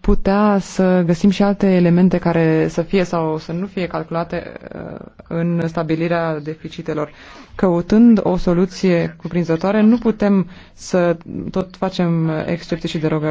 putea să găsim și alte elemente care să fie sau să nu fie calculate uh, în stabilirea deficitelor. Căutând o soluție cuprinzătoare, nu putem să tot facem excepții și derogări.